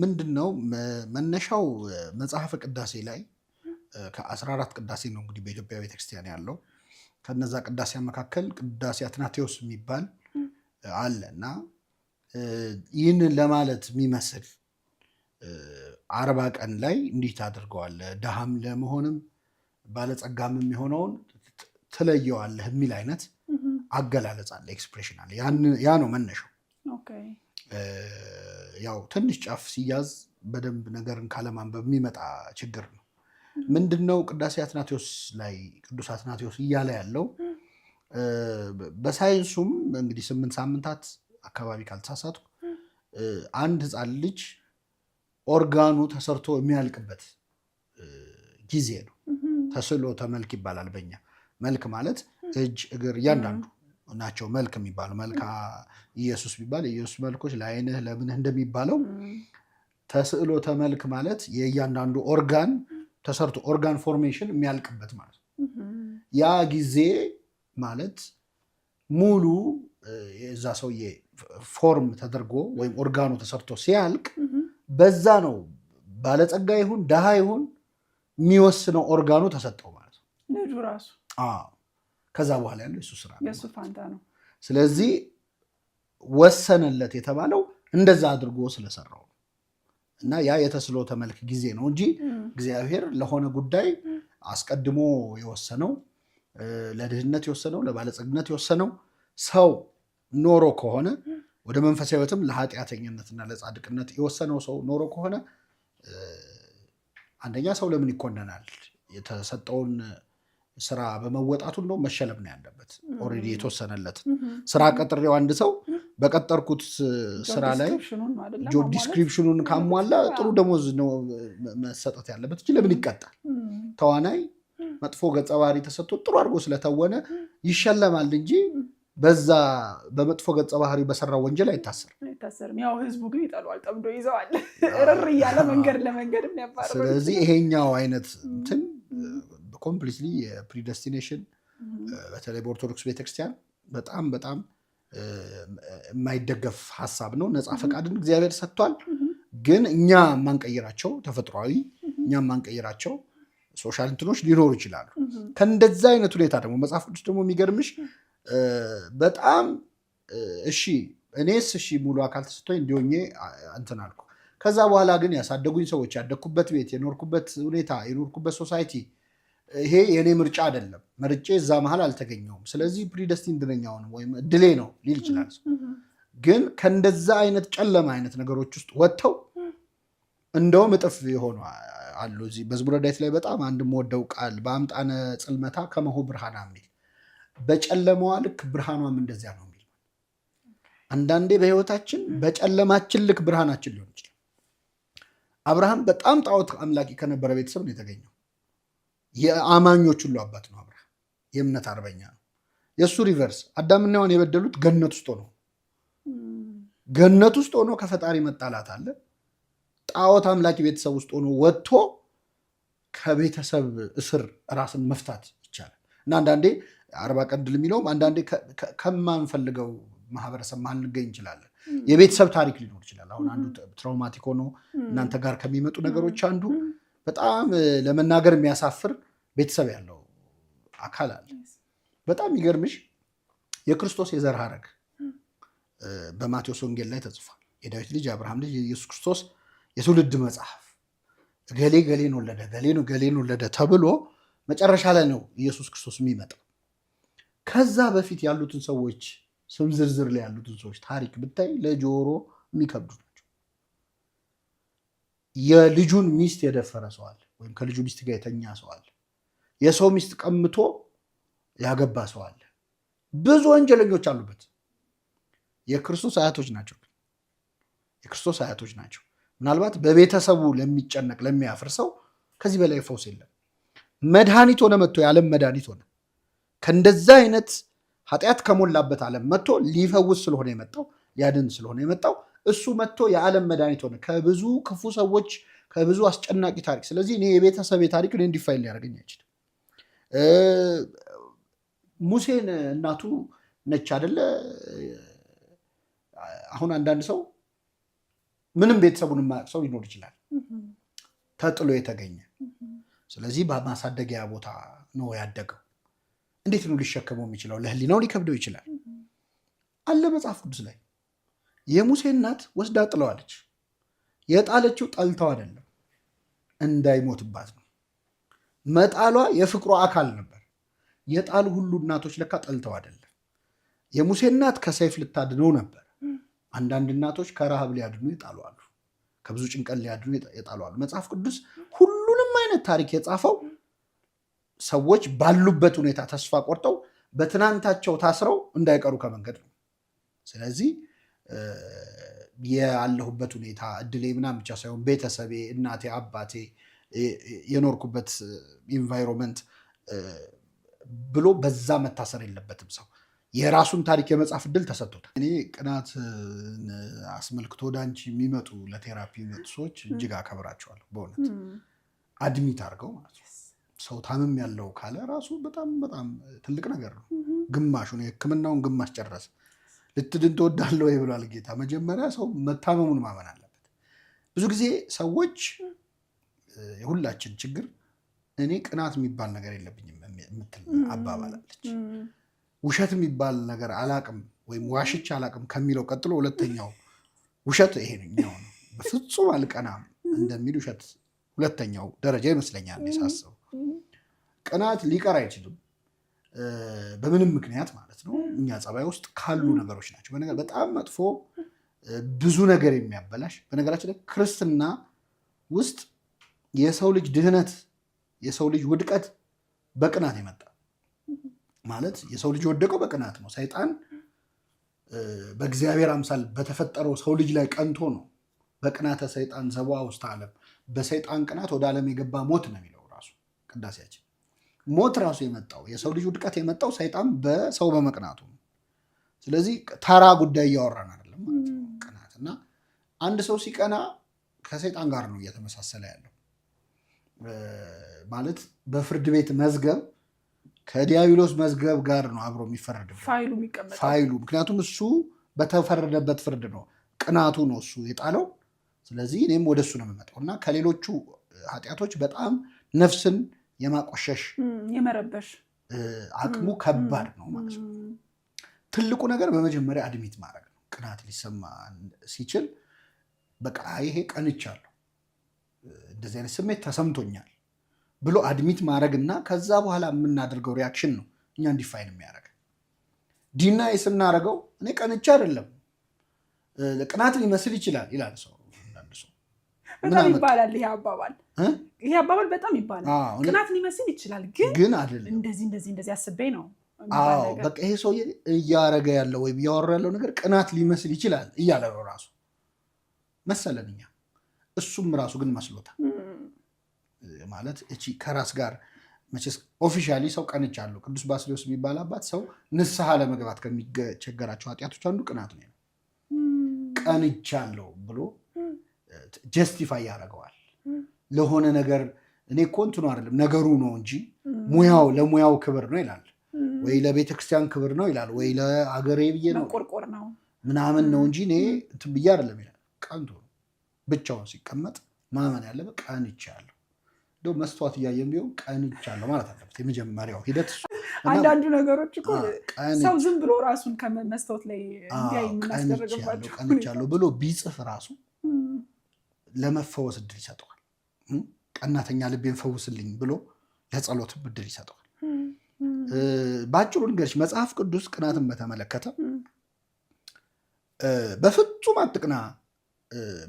ምንድን ነው መነሻው መጽሐፈ ቅዳሴ ላይ ከአስራ አራት ቅዳሴ ነው እንግዲህ በኢትዮጵያ ቤተክርስቲያን ያለው። ከነዛ ቅዳሴ መካከል ቅዳሴ አትናቴዎስ የሚባል አለ እና ይህንን ለማለት የሚመስል አርባ ቀን ላይ እንዲህ ታደርገዋለህ፣ ድሃም ለመሆንም ባለጸጋም የሚሆነውን ትለየዋለህ የሚል አይነት አገላለጽ አለ፣ ኤክስፕሬሽን አለ። ያ ነው መነሻው። ያው ትንሽ ጫፍ ሲያዝ በደንብ ነገርን ካለማንበብ የሚመጣ ችግር ነው። ምንድን ነው ቅዳሴ አትናቴዎስ ላይ ቅዱስ አትናቴዎስ እያለ ያለው በሳይንሱም እንግዲህ ስምንት ሳምንታት አካባቢ ካልተሳሳቱ አንድ ህፃን ልጅ ኦርጋኑ ተሰርቶ የሚያልቅበት ጊዜ ነው። ተስሎ ተመልክ ይባላል በኛ መልክ ማለት እጅ፣ እግር እያንዳንዱ ናቸው መልክ የሚባለው መልካ ኢየሱስ ቢባል የኢየሱስ መልኮች ለአይንህ ለምንህ እንደሚባለው ተስዕሎ ተመልክ ማለት የእያንዳንዱ ኦርጋን ተሰርቶ ኦርጋን ፎርሜሽን የሚያልቅበት ማለት ነው። ያ ጊዜ ማለት ሙሉ የዛ ሰውዬ ፎርም ተደርጎ ወይም ኦርጋኑ ተሰርቶ ሲያልቅ በዛ ነው ባለጸጋ ይሁን ድሃ ይሁን የሚወስነው ኦርጋኑ ተሰጠው ማለት ነው። ከዛ በኋላ ያለው የሱ ስራ ነው። ስለዚህ ወሰነለት የተባለው እንደዛ አድርጎ ስለሰራው እና ያ የተስሎተ መልክ ጊዜ ነው እንጂ እግዚአብሔር ለሆነ ጉዳይ አስቀድሞ የወሰነው ለድህነት የወሰነው ለባለጸግነት የወሰነው ሰው ኖሮ ከሆነ ወደ መንፈሳዊ ሕይወትም ለኃጢአተኝነትና ለጻድቅነት የወሰነው ሰው ኖሮ ከሆነ አንደኛ ሰው ለምን ይኮነናል? የተሰጠውን ስራ በመወጣቱ እንደው መሸለም ነው ያለበት። ኦልሬዲ የተወሰነለት ስራ ቀጥሬው አንድ ሰው በቀጠርኩት ስራ ላይ ጆብ ዲስክሪፕሽኑን ካሟላ ጥሩ ደሞዝ ነው መሰጠት ያለበት እንጂ ለምን ይቀጣል? ተዋናይ መጥፎ ገጸ ባህሪ ተሰጥቶ ጥሩ አድርጎ ስለተወነ ይሸለማል እንጂ በዛ በመጥፎ ገጸ ባህሪ በሰራው ወንጀል አይታሰር አይታሰርም። ያው ህዝቡ ግን ይጠሏል፣ ጠምዶ ይዘዋል፣ ርር እያለ መንገድ ለመንገድ። ስለዚህ ይሄኛው አይነት እንትን ኮምፕሊትሊ የፕሪደስቲኔሽን uh, mm-hmm. uh, በተለይ በኦርቶዶክስ ቤተክርስቲያን በጣም በጣም uh, የማይደገፍ ሀሳብ ነው። ነፃ mm-hmm. ፈቃድን እግዚአብሔር ሰጥቷል። mm-hmm. ግን እኛ የማንቀይራቸው ተፈጥሯዊ እኛ የማንቀይራቸው ሶሻል እንትኖች ሊኖሩ ይችላሉ። ከእንደዛ አይነት ሁኔታ ደግሞ መጽሐፍ ቅዱስ ደግሞ የሚገርምሽ በጣም እሺ እኔስ እሺ ሙሉ አካል ተሰጥቶኝ እንዲሆኜ እንትን አልኩ። ከዛ በኋላ ግን ያሳደጉኝ ሰዎች፣ ያደግኩበት ቤት፣ የኖርኩበት ሁኔታ፣ የኖርኩበት ሶሳይቲ ይሄ የእኔ ምርጫ አይደለም፣ መርጬ እዛ መሀል አልተገኘውም፣ ስለዚህ ፕሪደስቲን ድነኛውን ወይም እድሌ ነው ሊል ይችላል። ግን ከእንደዛ አይነት ጨለማ አይነት ነገሮች ውስጥ ወጥተው እንደውም እጥፍ የሆኑ አሉ። እዚህ መዝሙረ ዳዊት ላይ በጣም አንድ የምወደው ቃል በአምጣነ ጽልመታ ከመሆ ብርሃና የሚል በጨለማዋ ልክ ብርሃኗም እንደዚያ ነው የሚል አንዳንዴ በህይወታችን በጨለማችን ልክ ብርሃናችን ሊሆን ይችላል። አብርሃም በጣም ጣዖት አምላኪ ከነበረ ቤተሰብ ነው የተገኘው። የአማኞች ሁሉ አባት ነው አብርሃም። የእምነት አርበኛ ነው። የእሱ ሪቨርስ አዳምና ሔዋን የበደሉት ገነት ውስጥ ሆኖ ገነት ውስጥ ሆኖ ከፈጣሪ መጣላት አለ። ጣዖት አምላኪ ቤተሰብ ውስጥ ሆኖ ወጥቶ ከቤተሰብ እስር ራስን መፍታት ይቻላል። እና አንዳንዴ አርባ ቀድል የሚለውም አንዳንዴ ከማንፈልገው ማህበረሰብ ማንገኝ እንችላለን። የቤተሰብ ታሪክ ሊኖር ይችላል። አሁን አንዱ ትራውማቲክ ሆኖ እናንተ ጋር ከሚመጡ ነገሮች አንዱ በጣም ለመናገር የሚያሳፍር ቤተሰብ ያለው አካል አለ። በጣም የሚገርምሽ የክርስቶስ የዘር ሐረግ በማቴዎስ ወንጌል ላይ ተጽፏል። የዳዊት ልጅ የአብርሃም ልጅ የኢየሱስ ክርስቶስ የትውልድ መጽሐፍ ገሌ ገሌን ወለደ ገሌ ገሌን ወለደ ተብሎ መጨረሻ ላይ ነው ኢየሱስ ክርስቶስ የሚመጣው። ከዛ በፊት ያሉትን ሰዎች ስም ዝርዝር ላይ ያሉትን ሰዎች ታሪክ ብታይ ለጆሮ የሚከብዱ የልጁን ሚስት የደፈረ ሰዋል ወይም ከልጁ ሚስት ጋር የተኛ ሰዋል የሰው ሚስት ቀምቶ ያገባ ሰዋል ብዙ ወንጀለኞች አሉበት። የክርስቶስ አያቶች ናቸው። የክርስቶስ አያቶች ናቸው። ምናልባት በቤተሰቡ ለሚጨነቅ ለሚያፍር ሰው ከዚህ በላይ ፈውስ የለም። መድኃኒት ሆነ መጥቶ የዓለም መድኃኒት ሆነ ከእንደዛ አይነት ኃጢአት ከሞላበት ዓለም መጥቶ ሊፈውስ ስለሆነ የመጣው ሊያድን ስለሆነ የመጣው እሱ መጥቶ የዓለም መድኃኒት ሆነ ከብዙ ክፉ ሰዎች ከብዙ አስጨናቂ ታሪክ። ስለዚህ እኔ የቤተሰቤ ታሪክ እኔ እንዲፋይል ሊያደርገኝ አይችልም። ሙሴን እናቱ ነች አደለ? አሁን አንዳንድ ሰው ምንም ቤተሰቡን የማያውቅ ሰው ሊኖር ይችላል፣ ተጥሎ የተገኘ ስለዚህ በማሳደጊያ ቦታ ነው ያደገው። እንዴት ነው ሊሸከመው የሚችለው? ለህሊናው ሊከብደው ይችላል አለ መጽሐፍ ቅዱስ ላይ የሙሴ እናት ወስዳ ጥለዋለች። የጣለችው ጠልተው አይደለም፣ እንዳይሞትባት ነው። መጣሏ የፍቅሯ አካል ነበር። የጣሉ ሁሉ እናቶች ለካ ጠልተው አይደለም። የሙሴ እናት ከሰይፍ ልታድነው ነበር። አንዳንድ እናቶች ከረሃብ ሊያድኑ ይጣሏሉ፣ ከብዙ ጭንቀት ሊያድኑ ይጣሏሉ። መጽሐፍ ቅዱስ ሁሉንም አይነት ታሪክ የጻፈው ሰዎች ባሉበት ሁኔታ ተስፋ ቆርጠው በትናንታቸው ታስረው እንዳይቀሩ ከመንገድ ነው። ስለዚህ ያለሁበት ሁኔታ እድሌ ምናምን ብቻ ሳይሆን ቤተሰቤ፣ እናቴ፣ አባቴ፣ የኖርኩበት ኢንቫይሮንመንት ብሎ በዛ መታሰር የለበትም ሰው የራሱን ታሪክ የመጻፍ እድል ተሰጥቶታል። እኔ ቅናት አስመልክቶ ዳንቺ የሚመጡ ለቴራፒ የሚመጡ ሰዎች እጅግ አከብራቸዋለሁ። በእውነት አድሚት አድርገው ማለት ነው። ሰው ታምም ያለው ካለ ራሱ በጣም በጣም ትልቅ ነገር ነው። ግማሹን የሕክምናውን ግማሽ ጨረሰ። ልትድን ትወዳለህ ወይ ብሏል ጌታ። መጀመሪያ ሰው መታመሙን ማመን አለበት። ብዙ ጊዜ ሰዎች የሁላችን ችግር እኔ ቅናት የሚባል ነገር የለብኝም የምትል አባባላለች። ውሸት የሚባል ነገር አላቅም ወይም ዋሽች አላቅም ከሚለው ቀጥሎ ሁለተኛው ውሸት ይሄኛው ነው። በፍጹም አልቀናም እንደሚል ውሸት ሁለተኛው ደረጃ ይመስለኛል ሳስበው። ቅናት ሊቀር አይችልም። በምንም ምክንያት ማለት ነው እኛ ጸባይ ውስጥ ካሉ ነገሮች ናቸው። በነገር በጣም መጥፎ ብዙ ነገር የሚያበላሽ በነገራችን ላይ ክርስትና ውስጥ የሰው ልጅ ድህነት፣ የሰው ልጅ ውድቀት በቅናት የመጣ ማለት የሰው ልጅ የወደቀው በቅናት ነው። ሰይጣን በእግዚአብሔር አምሳል በተፈጠረው ሰው ልጅ ላይ ቀንቶ ነው። በቅናተ ሰይጣን ዘዋ ውስጥ ዓለም በሰይጣን ቅናት ወደ ዓለም የገባ ሞት ነው የሚለው ራሱ ቅዳሴያችን ሞት ራሱ የመጣው የሰው ልጅ ውድቀት የመጣው ሰይጣን በሰው በመቅናቱ ነው። ስለዚህ ተራ ጉዳይ እያወራን አይደለም ማለት ነው። ቅናት እና አንድ ሰው ሲቀና ከሰይጣን ጋር ነው እየተመሳሰለ ያለው ማለት በፍርድ ቤት መዝገብ ከዲያብሎስ መዝገብ ጋር ነው አብሮ የሚፈረድ ፋይሉ። ምክንያቱም እሱ በተፈረደበት ፍርድ ነው ቅናቱ ነው እሱ የጣለው። ስለዚህ እኔም ወደ እሱ ነው የምመጣው እና ከሌሎቹ ኃጢአቶች በጣም ነፍስን የማቆሸሽ የመረበሽ አቅሙ ከባድ ነው ማለት ነው። ትልቁ ነገር በመጀመሪያ አድሚት ማድረግ ነው። ቅናት ሊሰማ ሲችል በቃ ይሄ ቀንቻለሁ፣ እንደዚህ አይነት ስሜት ተሰምቶኛል ብሎ አድሚት ማድረግ እና ከዛ በኋላ የምናደርገው ሪያክሽን ነው እኛ እንዲፋይን የሚያደርግ ዲናይ ስናደርገው እኔ ቀንቻ አይደለም ቅናት ሊመስል ይችላል ይላል ሰው። ይባላል ይሄ አባባል ይሄ አባባል በጣም ይባላል። ቅናት ሊመስል ይችላል፣ ግን ግን አይደለም። እንደዚህ እንደዚህ እንደዚህ አስቤ ነው። አዎ በቃ ይሄ ሰውዬ እያረገ ያለው ወይም እያወራ ያለው ነገር ቅናት ሊመስል ይችላል እያለ ነው ራሱ መሰለን እኛ። እሱም ራሱ ግን መስሎታል ማለት እቺ ከራስ ጋር መቼስ ኦፊሻሊ ሰው ቀንቻለሁ። ቅዱስ ባስልዮስ የሚባል አባት ሰው ንስሐ ለመግባት ከሚቸገራቸው ኃጢአቶች አንዱ ቅናት ነው። ቀንቻለሁ ብሎ ጀስቲፋይ ያደርገዋል። ለሆነ ነገር እኔ እኮ እንትኑ አይደለም ነገሩ ነው እንጂ ሙያው ለሙያው ክብር ነው ይላል ወይ ለቤተክርስቲያን ክብር ነው ይላል ወይ ለአገሬ ብዬ ነው ቆርቆር ነው ምናምን ነው እንጂ እኔ እንትን ብዬ አይደለም ይላል። ቀንቶ ነው ብቻውን ሲቀመጥ ማመን ያለበት ይቻላል እንደው መስተዋት እያየን ቢሆን ቀን ቀንቻለሁ ማለት አለበት። የመጀመሪያው ሂደት አንዳንዱ ነገሮች እኮ ሰው ዝም ብሎ ራሱን ከመስታወት ላይ እንዲያይ የምናስደረግባቸው ቀንቻለሁ ብሎ ቢጽፍ ራሱ ለመፈወስ እድል ይሰጠዋል። ቀናተኛ ልቤን ፈውስልኝ ብሎ ለጸሎት ብድር ይሰጠዋል። በአጭሩ ንገርሽ መጽሐፍ ቅዱስ ቅናትን በተመለከተ በፍጹም አትቅና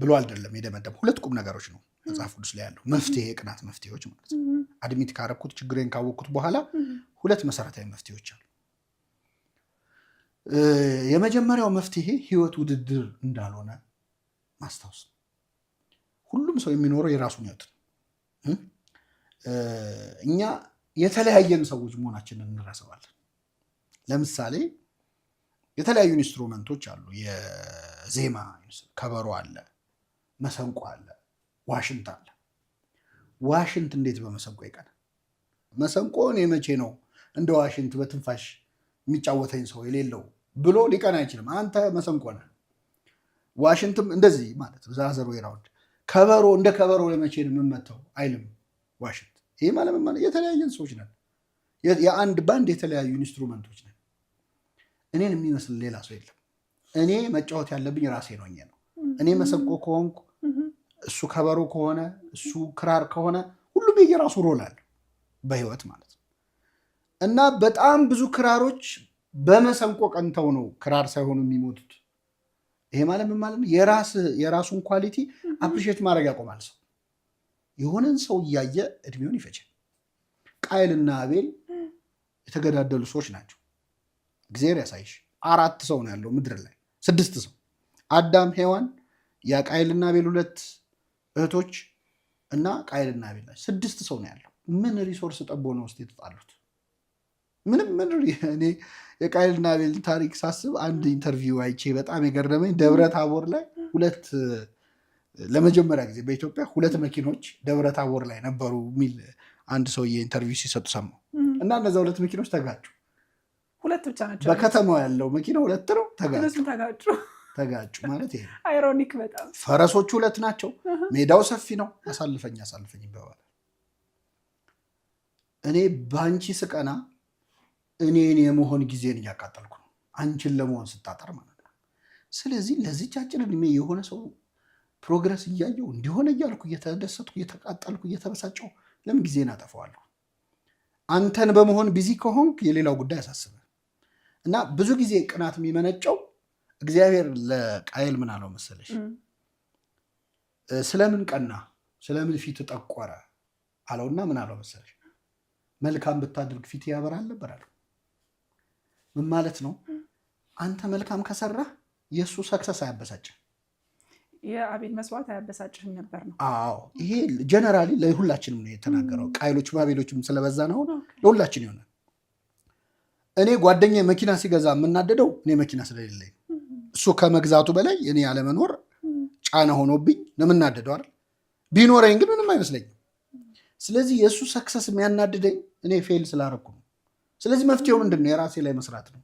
ብሎ አይደለም የደመደም። ሁለት ቁም ነገሮች ነው መጽሐፍ ቅዱስ ላይ ያለው መፍትሄ የቅናት መፍትሄዎች ማለት ነው። አድሚት ካረኩት ችግሬን ካወቅኩት በኋላ ሁለት መሰረታዊ መፍትሄዎች አሉ። የመጀመሪያው መፍትሄ ህይወት ውድድር እንዳልሆነ ማስታወስ ነው። ሁሉም ሰው የሚኖረው የራሱን ህይወት ነው። እኛ የተለያየን ሰዎች መሆናችንን እንረሰዋለን። ለምሳሌ የተለያዩ ኢንስትሩመንቶች አሉ። የዜማ ከበሮ አለ፣ መሰንቆ አለ፣ ዋሽንት አለ። ዋሽንት እንዴት በመሰንቆ ይቀና? መሰንቆ እኔ መቼ ነው እንደ ዋሽንት በትንፋሽ የሚጫወተኝ ሰው የሌለው ብሎ ሊቀና አይችልም። አንተ መሰንቆ ነህ። ዋሽንትም እንደዚህ ማለት ዛዘሮ ራውድ ከበሮ እንደ ከበሮ ለመቼ ነው የምመታው አይልም ዋሽንት። ይህ ማለመማ የተለያየን ሰዎች ነን። የአንድ ባንድ የተለያዩ ኢንስትሩመንቶች ነን። እኔን የሚመስል ሌላ ሰው የለም። እኔ መጫወት ያለብኝ ራሴ ነው ነው እኔ መሰንቆ ከሆንኩ እሱ ከበሮ ከሆነ እሱ ክራር ከሆነ ሁሉም የየራሱ ሮል አለ በህይወት ማለት ነው። እና በጣም ብዙ ክራሮች በመሰንቆ ቀንተው ነው ክራር ሳይሆኑ የሚሞቱት ይሄ ማለት ምን ማለት ነው? የራሱን ኳሊቲ አፕሪሼት ማድረግ ያቆማል ሰው። የሆነን ሰው እያየ እድሜውን ይፈጃል። ቃየልና አቤል የተገዳደሉ ሰዎች ናቸው። እግዚአብሔር ያሳይሽ። አራት ሰው ነው ያለው ምድር ላይ ስድስት ሰው አዳም፣ ሔዋን፣ ቃይልና አቤል ሁለት እህቶች እና ቃየልና አቤል ስድስት ሰው ነው ያለው። ምን ሪሶርስ ጠቦ ነው ውስጥ የተጣሉት? ምንም ምን እኔ የቃይልና ቤል ታሪክ ሳስብ አንድ ኢንተርቪው አይቼ በጣም የገረመኝ ደብረ ታቦር ላይ ሁለት ለመጀመሪያ ጊዜ በኢትዮጵያ ሁለት መኪኖች ደብረ ታቦር ላይ ነበሩ የሚል አንድ ሰውዬ ኢንተርቪው ሲሰጡ ሰማሁ እና እነዛ ሁለት መኪኖች ተጋጩ። ሁለት ብቻ ናቸው። በከተማው ያለው መኪና ሁለት ነው፣ ተጋጩ። ተጋጩ ማለት ይሄ አይሮኒክ በጣም ፈረሶቹ ሁለት ናቸው። ሜዳው ሰፊ ነው። አሳልፈኝ አሳልፈኝ ይባባል። እኔ በአንቺ ስቀና እኔን የመሆን ጊዜን እያቃጠልኩ ነው፣ አንቺን ለመሆን ስታጠር ማለት ነው። ስለዚህ ለዚች አጭር እድሜ የሆነ ሰው ፕሮግረስ እያየው እንዲሆነ እያልኩ እየተደሰትኩ እየተቃጠልኩ እየተበሳጨው ለምን ጊዜን አጠፋዋለሁ? አንተን በመሆን ቢዚ ከሆንክ የሌላው ጉዳይ አሳስበ እና ብዙ ጊዜ ቅናት የሚመነጨው እግዚአብሔር ለቃየል ምን አለው መሰለሽ? ስለምን ቀና ስለምን ፊት ጠቆረ አለውና ምን አለው መሰለሽ? መልካም ብታደርግ ፊት ያበራል ነበር አለው። ምን ማለት ነው? አንተ መልካም ከሰራህ የእሱ ሰክሰስ አያበሳጭ የአቤል መስዋዕት አያበሳጭህም ነበር ነው። አዎ ይሄ ጀነራሊ ለሁላችንም ነው የተናገረው። ቃይሎችም አቤሎችም ስለበዛ ነው ለሁላችን ይሆናል። እኔ ጓደኛ መኪና ሲገዛ የምናደደው እኔ መኪና ስለሌለኝ እሱ ከመግዛቱ በላይ እኔ ያለመኖር ጫና ሆኖብኝ ነው የምናደደው አይደል። ቢኖረኝ ግን ምንም አይመስለኝም። ስለዚህ የእሱ ሰክሰስ የሚያናድደኝ እኔ ፌል ስላረኩ ነው። ስለዚህ መፍትሄው ምንድን ነው? የራሴ ላይ መስራት ነው።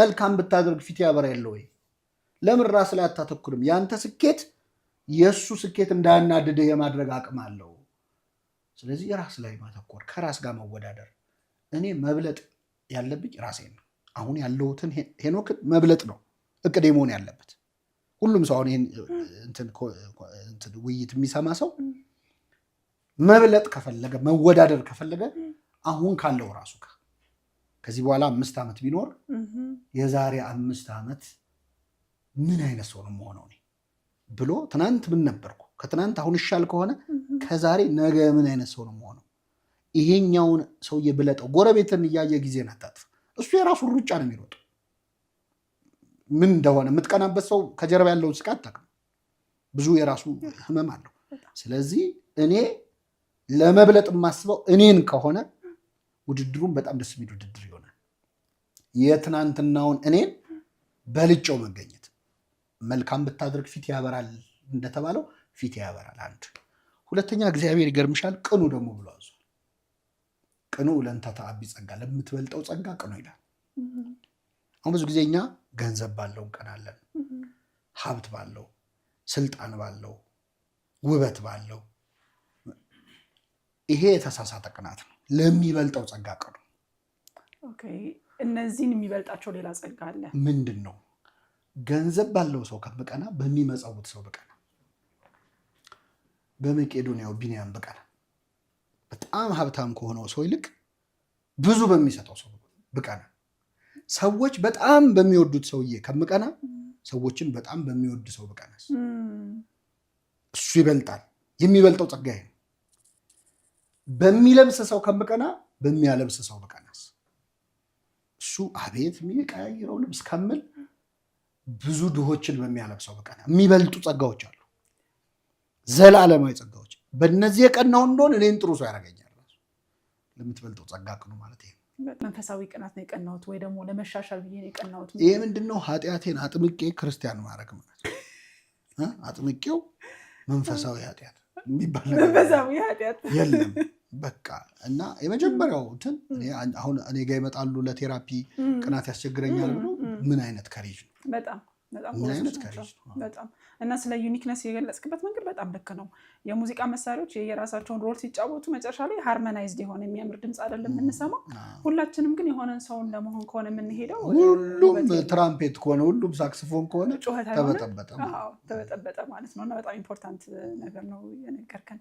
መልካም ብታደርግ ፊት ያበራ ያለው ወይ? ለምን ራስ ላይ አታተኩርም? ያንተ ስኬት የእሱ ስኬት እንዳያናድድህ የማድረግ አቅም አለው። ስለዚህ የራስ ላይ ማተኮር፣ ከራስ ጋር መወዳደር። እኔ መብለጥ ያለብኝ ራሴ ነው። አሁን ያለሁትን ሄኖክን መብለጥ ነው እቅዴ መሆን ያለበት። ሁሉም ሰው አሁን ውይይት የሚሰማ ሰው መብለጥ ከፈለገ መወዳደር ከፈለገ አሁን ካለው ራሱ ጋር ከዚህ በኋላ አምስት ዓመት ቢኖር የዛሬ አምስት ዓመት ምን አይነት ሰው ነው መሆነው ብሎ ትናንት ምን ነበርኩ ከትናንት አሁን ይሻል ከሆነ ከዛሬ ነገ ምን አይነት ሰው ነው መሆነው። ይሄኛውን ሰውዬ ብለጠው፣ ጎረቤትን እያየ ጊዜን አታጥፍ። እሱ የራሱን ሩጫ ነው የሚሮጡ ምን እንደሆነ የምትቀናበት ሰው ከጀርባ ያለውን ስቃይ አታውቅም። ብዙ የራሱ ህመም አለው። ስለዚህ እኔ ለመብለጥ የማስበው እኔን ከሆነ ውድድሩም በጣም ደስ የሚል ውድድር ይሆናል። የትናንትናውን እኔን በልጨው መገኘት መልካም ብታደርግ ፊት ያበራል እንደተባለው ፊት ያበራል። አንድ ሁለተኛ፣ እግዚአብሔር ይገርምሻል፣ ቅኑ ደግሞ ብሎ አዟል። ቅኑ ለእንተ አቢ ጸጋ፣ ለምትበልጠው ጸጋ ቅኑ ይላል። አሁን ብዙ ጊዜ እኛ ገንዘብ ባለው እንቀናለን፣ ሀብት ባለው፣ ስልጣን ባለው፣ ውበት ባለው። ይሄ የተሳሳተ ቅናት ነው። ለሚበልጠው ጸጋ ቅዱ። እነዚህን የሚበልጣቸው ሌላ ጸጋ አለ። ምንድን ነው? ገንዘብ ባለው ሰው ከምቀና በሚመጻወት ሰው ብቀና፣ በመቄዶንያው ቢንያም ብቀና፣ በጣም ሀብታም ከሆነው ሰው ይልቅ ብዙ በሚሰጠው ሰው ብቀና፣ ሰዎች በጣም በሚወዱት ሰውዬ ከምቀና ሰዎችን በጣም በሚወድ ሰው ብቀናስ እሱ ይበልጣል። የሚበልጠው ጸጋ ነው። በሚለብስ ሰው ከምቀና በሚያለብስ ሰው ብቀናስ እሱ አቤት የሚቀያይረው ልብስ ከምል ብዙ ድሆችን በሚያለብሰው ብቀና የሚበልጡ ጸጋዎች አሉ፣ ዘላለማዊ ጸጋዎች። በእነዚህ የቀናው እንደሆን እኔን ጥሩ ሰው ያደርገኛል። ለምትበልጠው ጸጋ ቅኑ ማለት ይሄ መንፈሳዊ ቅናት ነው የቀናሁት፣ ወይ ደግሞ ለመሻሻል ብዬ ነው የቀናሁት። ይሄ ምንድን ነው? ኃጢአቴን አጥምቄ ክርስቲያን ማድረግ ማለት አጥምቄው መንፈሳዊ ኃጢአት የሚባል የለም። በቃ እና የመጀመሪያው እንትን አሁን እኔ ጋ ይመጣሉ ለቴራፒ ቅናት ያስቸግረኛል ብሎ ምን አይነት ከሬጅ ነው? በጣም ምን አይነት ከሬጅ ነው? በጣም እና ስለ ዩኒክነስ የገለጽክበት መንገድ በጣም ልክ ነው። የሙዚቃ መሳሪያዎች የየራሳቸውን ሮል ሲጫወቱ መጨረሻ ላይ ሃርመናይዝድ የሆነ የሚያምር ድምፅ አይደለም የምንሰማው። ሁላችንም ግን የሆነን ሰውን ለመሆን ከሆነ የምንሄደው ሁሉም ትራምፔት ከሆነ ሁሉም ሳክስፎን ከሆነ ጩኸት ተበጠበጠ ማለት ነው። እና በጣም ኢምፖርታንት ነገር ነው የነገርከን።